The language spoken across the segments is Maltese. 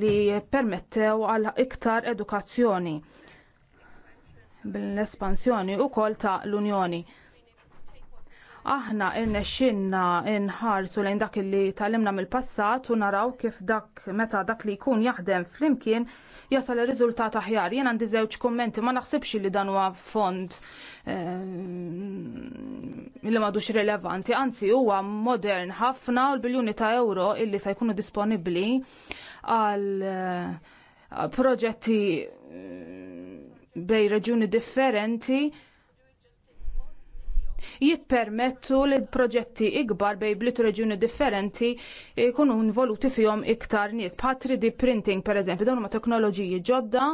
li permettew għal iktar edukazzjoni bl-espansjoni wkoll ta' l-Unjoni. Aħna irnexxinna nħarsu lejn dak li talimna mill-passat u naraw kif dak meta dak li jkun jaħdem flimkien jasal ir-riżultat aħjar. Jien għandi żewġ kummenti ma naħsibx li dan huwa fond eh, li madux rilevanti, anzi huwa modern ħafna u l-biljuni ta' euro illi se jkunu disponibbli għal eh, proġetti mm, bej reġuni differenti jippermettu li proġetti ikbar bej blitu reġuni differenti jkunu involuti fihom iktar nies Patri di printing, printing pereżempju dawn huma teknoloġiji ġodda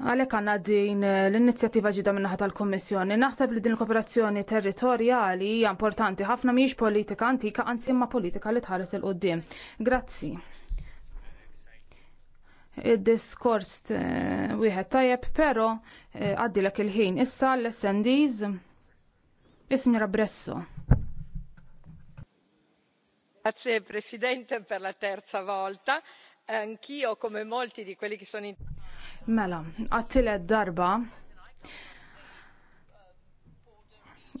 Għalhekk għandna din eh, l-inizjattiva ġida minnaħa tal kommissjoni Naħseb li din il-kooperazzjoni territorjali hija importanti ħafna mhijiex politika antika anzi imma politika li tħares il qudiem Grazzi. Id-diskors eh, wieħed tajjeb, però eh, għaddilek il-ħin. Issa l-SNDs ismi Bresso. Grazie Presidente per la terza volta. Anch'io come molti di quelli che sono in Mela, għattilet darba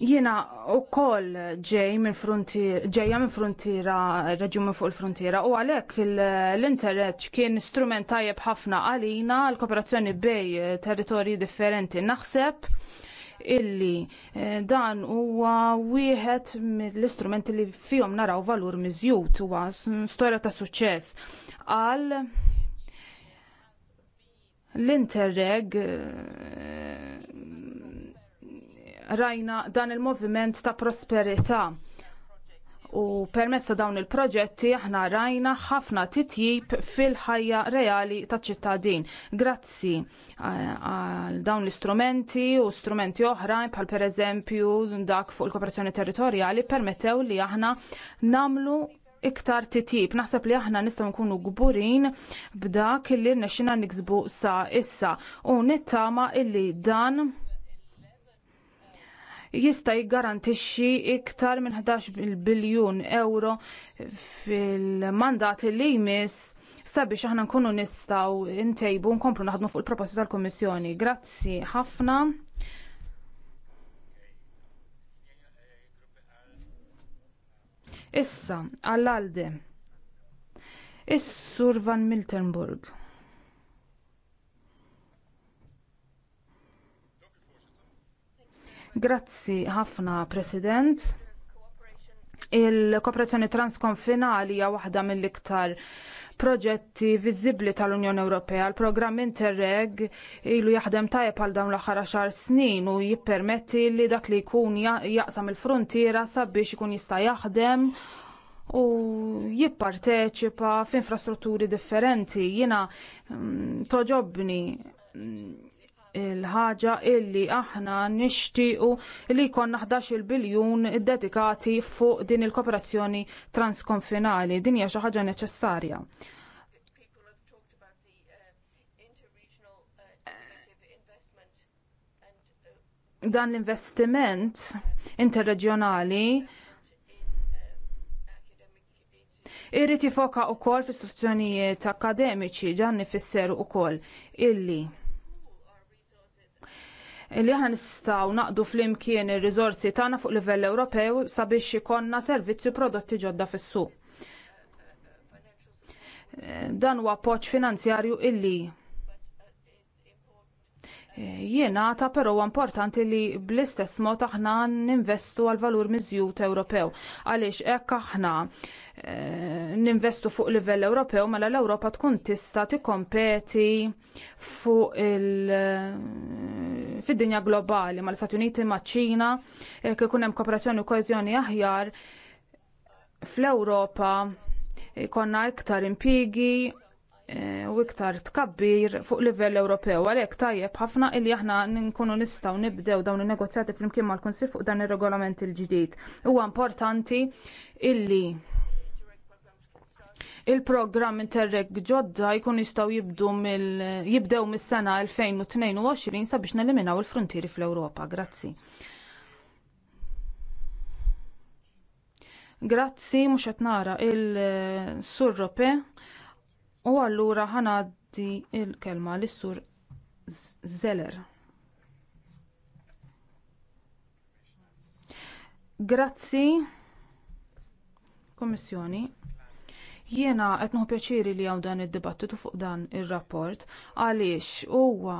Jiena u koll ġej minn frontiera, ġejja minn frontiera, reġjum fuq il-frontiera, u għalek l-interreċ kien strument tajjeb ħafna għalina l-kooperazzjoni bej territorji differenti. Naħseb illi eh, dan huwa wieħed mill-istrumenti li fihom naraw valur miżjud huwa storja ta' suċċess għal L-Interreg eh, rajna dan il-moviment ta' prosperità u permezz ta' dawn il-proġetti aħna rajna ħafna titjib fil-ħajja reali taċ ċittadin. Grazzi eh, għal dawn l-istrumenti u strumenti oħrajn bħal pereżempju dak fuq il-kooperazzjoni territorjali permettew li aħna namlu iktar titib. Naħseb li aħna nistgħu nkunu gburin b'dak li rnexxina niksbu sa issa u nittama illi dan jista' jiggarantixxi iktar minn 11 biljun euro fil-mandat li jmiss sabiex aħna nkunu nistgħu ntejbu nkomplu naħdmu fuq il-proposti tal-Kummissjoni. Grazzi ħafna. Issa, għall-alde. Is-Sur Van Miltenburg. Grazzi ħafna, President. Il-kooperazzjoni transkonfinali hija waħda mill-iktar proġetti viżibbli tal-Unjoni Ewropea. Il-programm Interreg ilu jaħdem tajjeb għal dawn l-aħħar xar snin u jippermetti li dak li jkun jaqsam il-frontiera sabiex ikun jista' jaħdem u jipparteċipa f'infrastrutturi differenti. Jiena mm, toġobni mm, il-ħaġa illi aħna nixtiequ li jkollna 11 biljun dedikati fuq din il-kooperazzjoni transkonfinali. Din hija xi ħaġa neċessarja. Dan l-investiment interreġjonali irrid jifoka wkoll fl-istituzzjonijiet akademiċi ġan ifisser ukoll illi li aħna nistgħu naqdu flimkien ir rizorsi tagħna fuq livell Ewropew sabiex ikonna servizzi prodotti ġodda fis-suq. Eh, dan huwa appoġġ finanzjarju illi Jiena ta' però importanti li bl-istess mod aħna ninvestu għal valur miżjud Ewropew għaliex hekk aħna eh, ninvestu fuq livell Ewropew mela l-Ewropa tkun tista' tikkompeti fuq il eh, fid-dinja globali mal-Istati Uniti maċ-Ċina eh, kif ikun hemm kooperazzjoni u koeżjoni aħjar fl-Ewropa jkollna iktar impigi Eh, u iktar tkabbir fuq livell Ewropew għalhekk tajjeb ħafna illi aħna nkunu nistgħu nibdew dawn in-negozjati flimkien mal-Kunsill fuq dan ir-regolament il-ġdid. Huwa importanti illi il-programm Interreg ġodda jkun jistgħu jibdew mis-sena 2022 sabiex neliminaw il-frontieri fl-Ewropa. Grazzi. Grazzi mhux qed nara il-Surrope U allura ħanaddi l kelma lis sur Zeller. Grazzi, Kommissjoni. Jiena qed nuħu pjaċiri li hawn dan id-dibattitu fuq dan ir-rapport għaliex huwa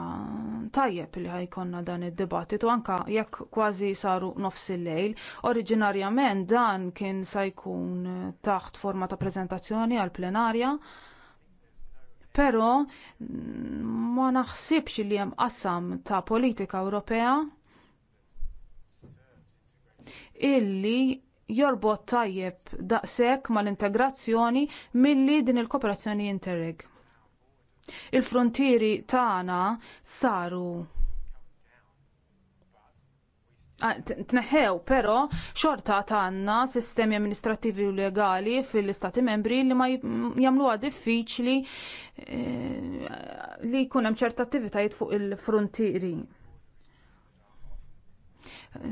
tajjeb li ħajkonna dan id-dibattitu anke jekk kważi saru nofs il-lejl. Oriġinarjament dan kien se jkun taħt forma ta' preżentazzjoni għall plenarja però mm, ma naħsibx li hemm qasam ta' politika Ewropea illi jorbot tajjeb daqshekk mal-integrazzjoni milli din il-kooperazzjoni Interreg. Il-frontieri tagħna saru Ah, Tneħew, però xorta għandna sistemi amministrativi u legali fil-istati membri li ma jagħmluha diffiċli eh, li jkun hemm ċerta attivitajiet fuq il-frontieri.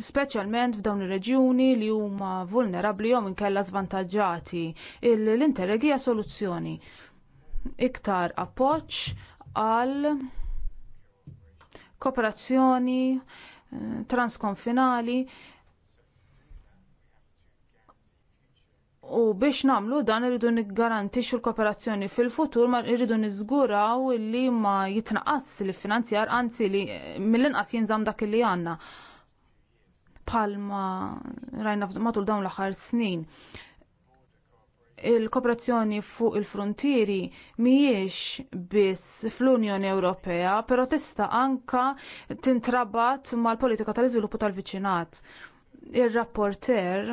Speċjalment f'dawn ir-reġjuni li huma vulnerabbli jew inkella żvantaġġati. L-interreg hija soluzzjoni. Iktar appoġġ għal kooperazzjoni transkonfinali u biex nagħmlu dan irridu niggarantixxu l-kooperazzjoni fil-futur ma irridu niżguraw li ma jitnaqqas li finanzjar anzi li mill-inqas jinżamm dak li għandna bħalma rajna matul dawn l-aħħar snin il-kooperazzjoni fuq il-frontieri mhijiex biss fl-Unjoni Ewropea, però tista' anka tintrabat mal-politika tal-iżviluppu tal-viċinat. Ir-rapporter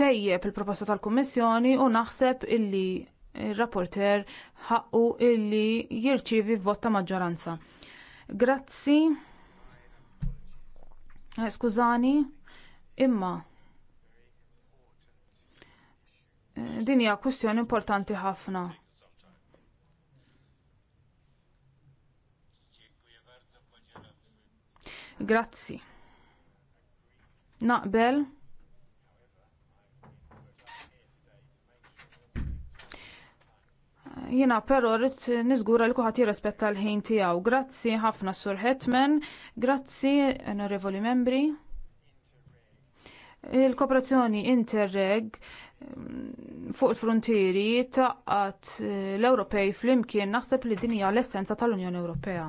tejjeb il-proposta tal-Kummissjoni u naħseb illi r rapporter ħaqqu illi jirċievi vot ta' maġġoranza. Grazzi. Skużani Imma eh, din hija kwistjoni importanti ħafna. Grazzi. Naqbel. Jiena però rrid niżgura li kuħat jirrispetta l-ħin tiegħu. Grazzi ħafna Sur Hetman, grazzi onorevoli membri. Il-kooperazzjoni Interreg mm, fuq il-frontieri taqqat eh, l-Ewropej flimkien naħseb li din hija l-essenza tal-Unjoni Ewropea.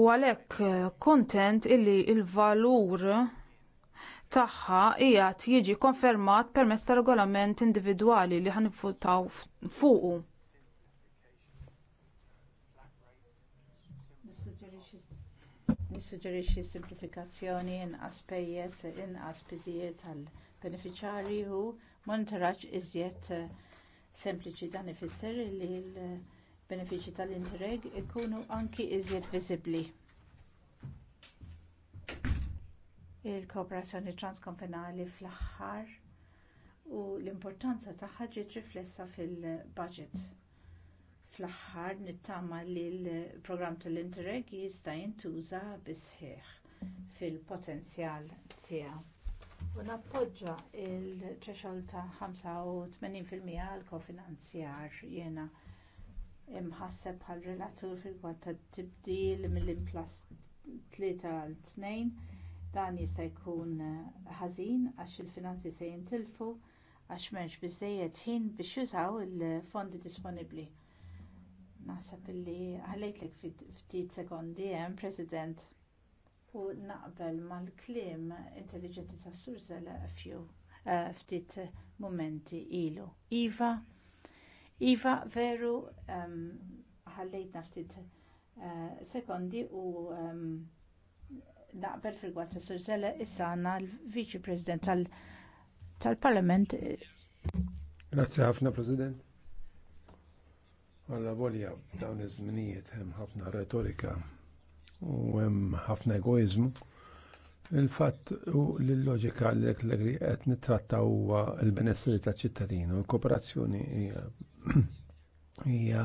U għalhekk eh, kuntent illi l il valur tagħha qiegħed jiġi konfermat permezz ta' regolament individwali li ħanifutaw fuqu. jissuġġerixxi simplifikazzjoni inqas pejjeż inqas piżijiet għall-benefiċjarji u monitoraġġ iżjed eh, sempliċi dan ifisser li l-benefiċċji tal-interreg ikunu anki iżjed viżibbli il-kooperazzjoni transkonfinali fl-aħħar u l-importanza tagħha ġiet riflessa fil-baġit Fl-aħħar nittama li l-programm tal-Interreg jista' jintuża bisħieħ fil-potenzjal tiegħu. U nappoġġa l threshold ta' 85% għal kofinanzjar jiena imħasseb bħal relatur fil-kwad ta' tibdil mill-inplas 3 għal 2 dan jista' jkun ħażin għax il-finanzi se jintilfu għax m'hemmx biżżejjed ħin biex jużaw il-fondi disponibbli naħseb illi ħallejtlek ftit sekondi hemm eh, President u naqbel mal-kliem intelligenti tas surza la' fju eh, ftit momenti ilu. Iva, Iva veru ħallejtna ftit eh, sekondi u naqbel fil-gwad ta' Sur issa l vice President tal-Parlament. Grazie ħafna President. Għalla volja dawn iż-żminijiet hemm ħafna retorika u hemm ħafna egoizmu. Il-fatt u l-loġika li qed nittratta huwa l-benessri taċ-ċittadin u l-kooperazzjoni hija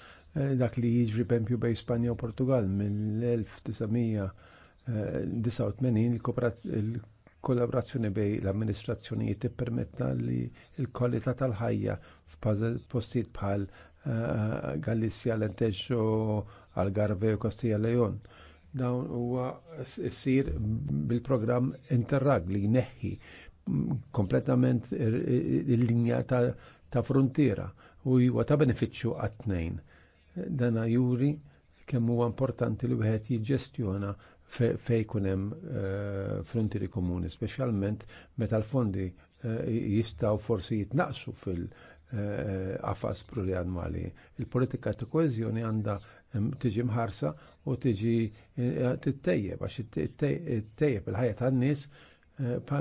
eh, dak li jiġri pempju bej Spanja u Portugal mill-1989 eh, kollaborazzjoni bej l-amministrazzjonijiet tippermetta li l-kwalità tal-ħajja f'postijiet bħal Galizja, għal Algarve u Kastija Lejon. Dawn huwa ssir bil-programm Interrag li jneħħi kompletament il-linja ta' frontiera u huwa ta' benefiċċju għat-tnejn. Dana juri kemm huwa importanti li wieħed jiġġestjona fej kunem eh, frontieri komuni, specialment meta l-fondi eh, jistaw forsi jitnaqsu fil- Eh, għafas plurianwali. Il-politika ta' koezjoni għandha tiġi mħarsa u tiġi eh, tittejjeb għax tittejjeb il-ħajja tan-nies eh,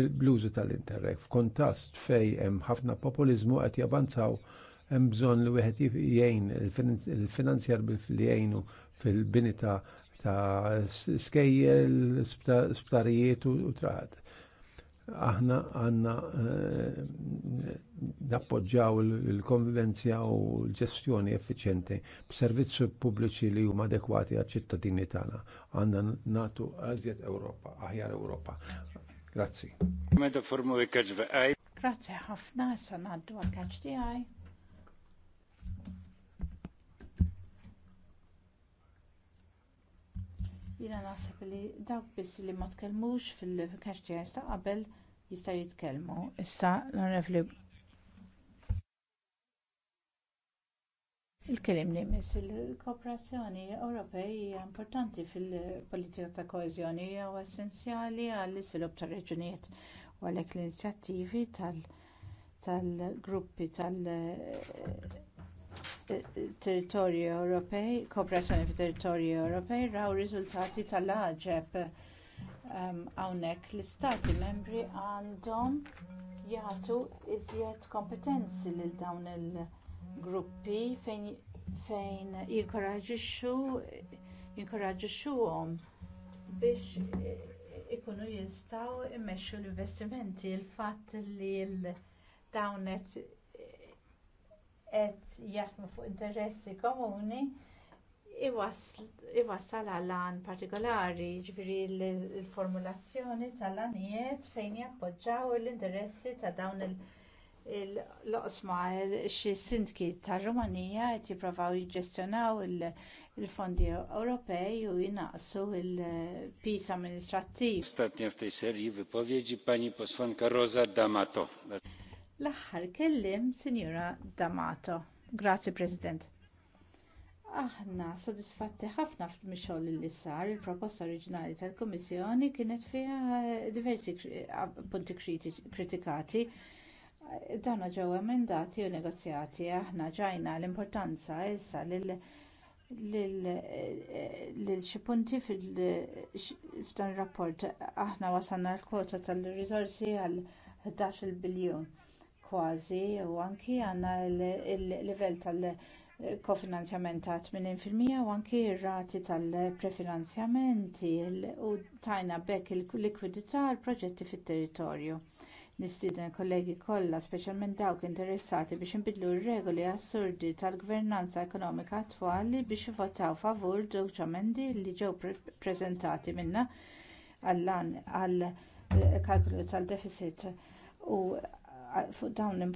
bl-użu tal-interreg. F'kontast fej hemm ħafna populizmu qed jabanzaw hemm bżonn li wieħed jgħin il-finanzjar li jgħinu fil-bini ta' skejjel, sptarijiet u traħad aħna għanna eh, nappoġġaw il-konvivenzja u l-ġestjoni effiċenti b'servizzi pubbliċi li huma adekwati għaċ-ċittadini tagħna. Għandna natu Azjet Ewropa, aħjar Ewropa. Grazzi. Meta formu e Grazzi ħafna, sa' naddu għal kaċ Jiena naħseb li dawk biss li ma tkellmux fil-kaċċers ta' qabel jista' jitkellmu. Issa l-onorevoli Il-kelim li jmiss il-kooperazzjoni Ewropej hija importanti fil-politika ta' koeżjoni hija essenzjali għall iżvilupp tar reġunijiet u għalhekk l-inizjattivi tal-gruppi tal territorju Ewropej, kooperazzjoni fit territorju Ewropej raw riżultati tal-aġeb hawnhekk um, l-istati membri għandhom jagħtu iżjed kompetenzi lil dawn il-gruppi fejn fejn jinkoraġixxuhom biex ikunu jistgħu jmexxu l-investimenti il fatt li l-dawnet qed jaħdmu fuq interessi komuni iwassal għal għan partikolari ġifieri l-formulazzjoni tal-għanijiet fejn jappoġġaw l-interessi ta' dawn il-loqsma xi sindki tar Rumanija qed jippruvaw jiġġestjonaw il-fondi Ewropej u jinaqsu il-pis amministrattiv. wypowiedzi pani posłanka D'Amato. L-aħħar kelliem Sinjura D'Amato. Grazzi President. Aħna sodisfatti ħafna f'mixol li sar il-proposta oriġinali tal-Kummissjoni kienet fiha diversi punti kritikati. Dana ġew emendati u negozjati aħna ġajna l-importanza issa lil xi punti f'dan ir-rapport aħna wasalna l-kwota tal-riżorsi għal 11 biljun kważi u anki għandna l-livell tal-kofinanzjament ta' 80% u anki r-rati tal-prefinanzjamenti u tajna b'hekk il-likwidità għall proġetti fit-territorju nistieden kollegi kollha speċjalment dawk interessati biex inbidlu r-regoli assurdi tal-gvernanza ekonomika attwali biex jivvotaw favur dawk emendi li ġew ppreżentati minnha għall eh, kalkulu tad-deficit u fuq dawn l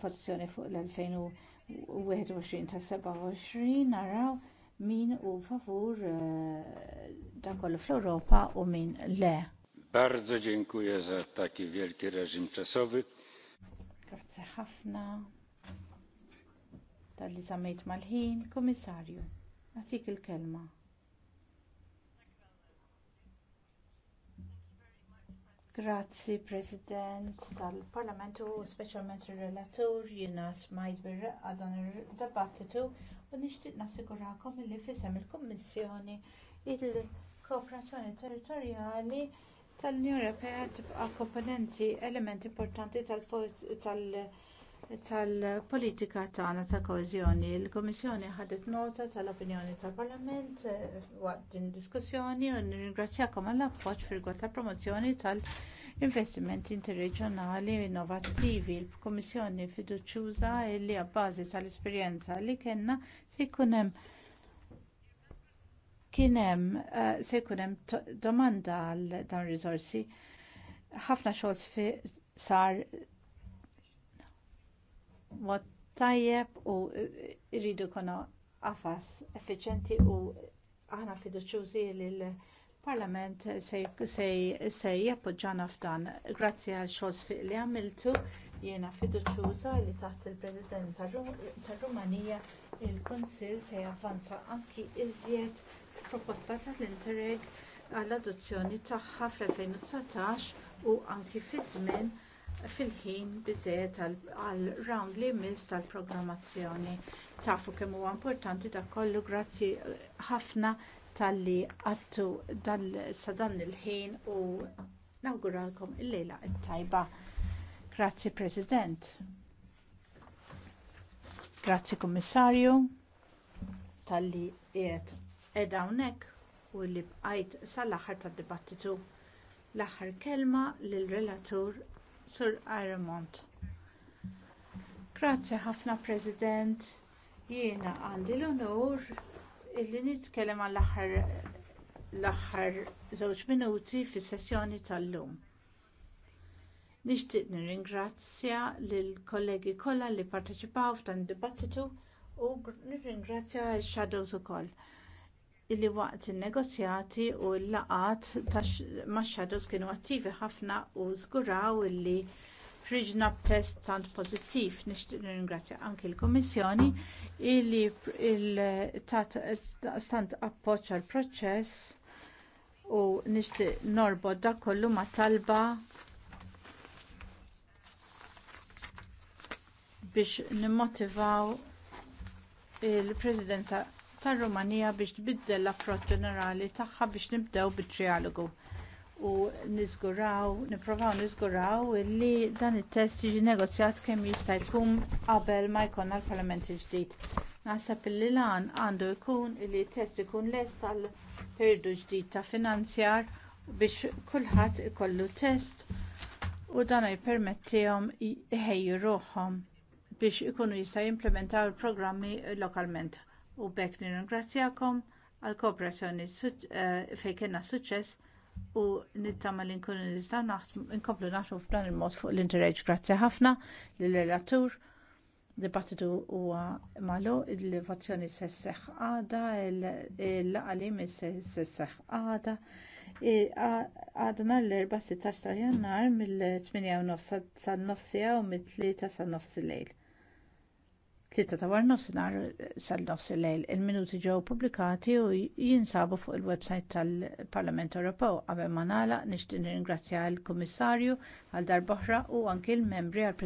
votazzjoni fuq l-2021 ta' 27 naraw min hu favur eh, dan kollu fl-Ewropa u min le. Bardzo dziękuję za taki wielki reżim czasowy. Grazie ħafna tal-li zamejt mal-ħin, komissarju, għatik il-kelma. Grazzi President tal-Parlamentu, speċjalment ir relatur jiena smajt bir il dan ir-dibattitu u nixtieq nassigurakom li fisem il-Kummissjoni il-kooperazzjoni territorjali tal-Unjoni Ewropea tibqa' komponenti element importanti tal-politika tal tal-politika tagħna ta' koeżjoni. Il-Kummissjoni ħadet nota tal-opinjoni tal-Parlament eh, waqt din id diskussjoni u nirringrazzjakom għall appoġġ fil ta' promozzjoni tal-investimenti interreġjonali innovattivi. Il-Kummissjoni fiduċjuża li bażi tal-esperjenza li kellna se jkun hemm kien hemm eh, se jkun hemm domanda għal dawn ir-riżorsi ħafna xogħol sar mod tajjeb u jridu jkollna qafas effiċjenti u aħna fiduċjużi li l-Parlament se jappoġġjana f'dan. Grazzi għal xogħol li għamiltu jiena fiduċjuża li taħt il-Presidenza tar-Rumanija il-Kunsill se javvanza anki iżjed proposta tal-Interreg għall-adozzjoni tagħha fl-2019 u anki fi żmien fil-ħin biżżejjed għal round li jmiss tal-programmazzjoni. Tafu kemm huwa importanti dak kollu grazzi ħafna talli għattu sa dan il-ħin u nawguralkom il-lejla it-tajba. Grazzi President. Grazzi Kommissarju talli qiegħed qiegħed hawnhekk u li bqajt sal-aħħar tad-dibattitu l-aħħar kelma lill-relatur Sur Aramont. Grazzi ħafna President. Jiena għandi l-onur illi nitkellem għall aħħar l-aħħar żewġ minuti fis-sessjoni tal-lum. Nixtieq nirringrazzja lill kollegi kollha li parteċipaw f'dan id-dibattitu u nirringrazzja x-shadows ukoll illi waqt in-negozjati u l-laqat max-shadows kienu attivi ħafna u żguraw illi ħriġna b'test tant pożittiv. Nixtieq nirringrazzja anki l-Kummissjoni illi tant appoġġ għall proċess u nixtieq norbod dak kollu ma' talba biex nimmotivaw il-Presidenza tar-Rumanija biex tbiddel l-approċċ ġenerali tagħha biex nibdew bit-trialogu u niżguraw, nippruvaw niżguraw li dan it-test jiġi negozjat kemm jista' jkun qabel ma jkollna l-Parlament il-ġdid. Naħseb li lan għandu jkun li t-test ikun lest għal periodu ġdid ta' finanzjar biex kulħadd ikollu test u dan jippermettihom iħejju ruħhom biex ikunu jista' jimplementaw il-programmi lokalment u bekk nirringrazzjakom għall kooperazzjoni eh, fejn kellna suċċess u nittama li nkunu nistgħu nkomplu naħdmu f'dan il-mod fuq l-interreġ. Grazzi ħafna lill relatur Dibattitu huwa malu il-votazzjoni sesseħ għada, il-laqalim sesseħ għada. Għadna l erba 16 ta' jannar mill-8 sa' nofsija u mill-3 sa' nofsi lejl. Tlieta ta' war nofsinhar sal-nofs il-lejl. Il-minuti ġew pubblikati u jinsabu fuq il-website tal-Parlament Ewropew. Qabel ma nagħlaq nixtieq nirringrazzja l-Kummissarju għal darb'oħra u anke l-membri għal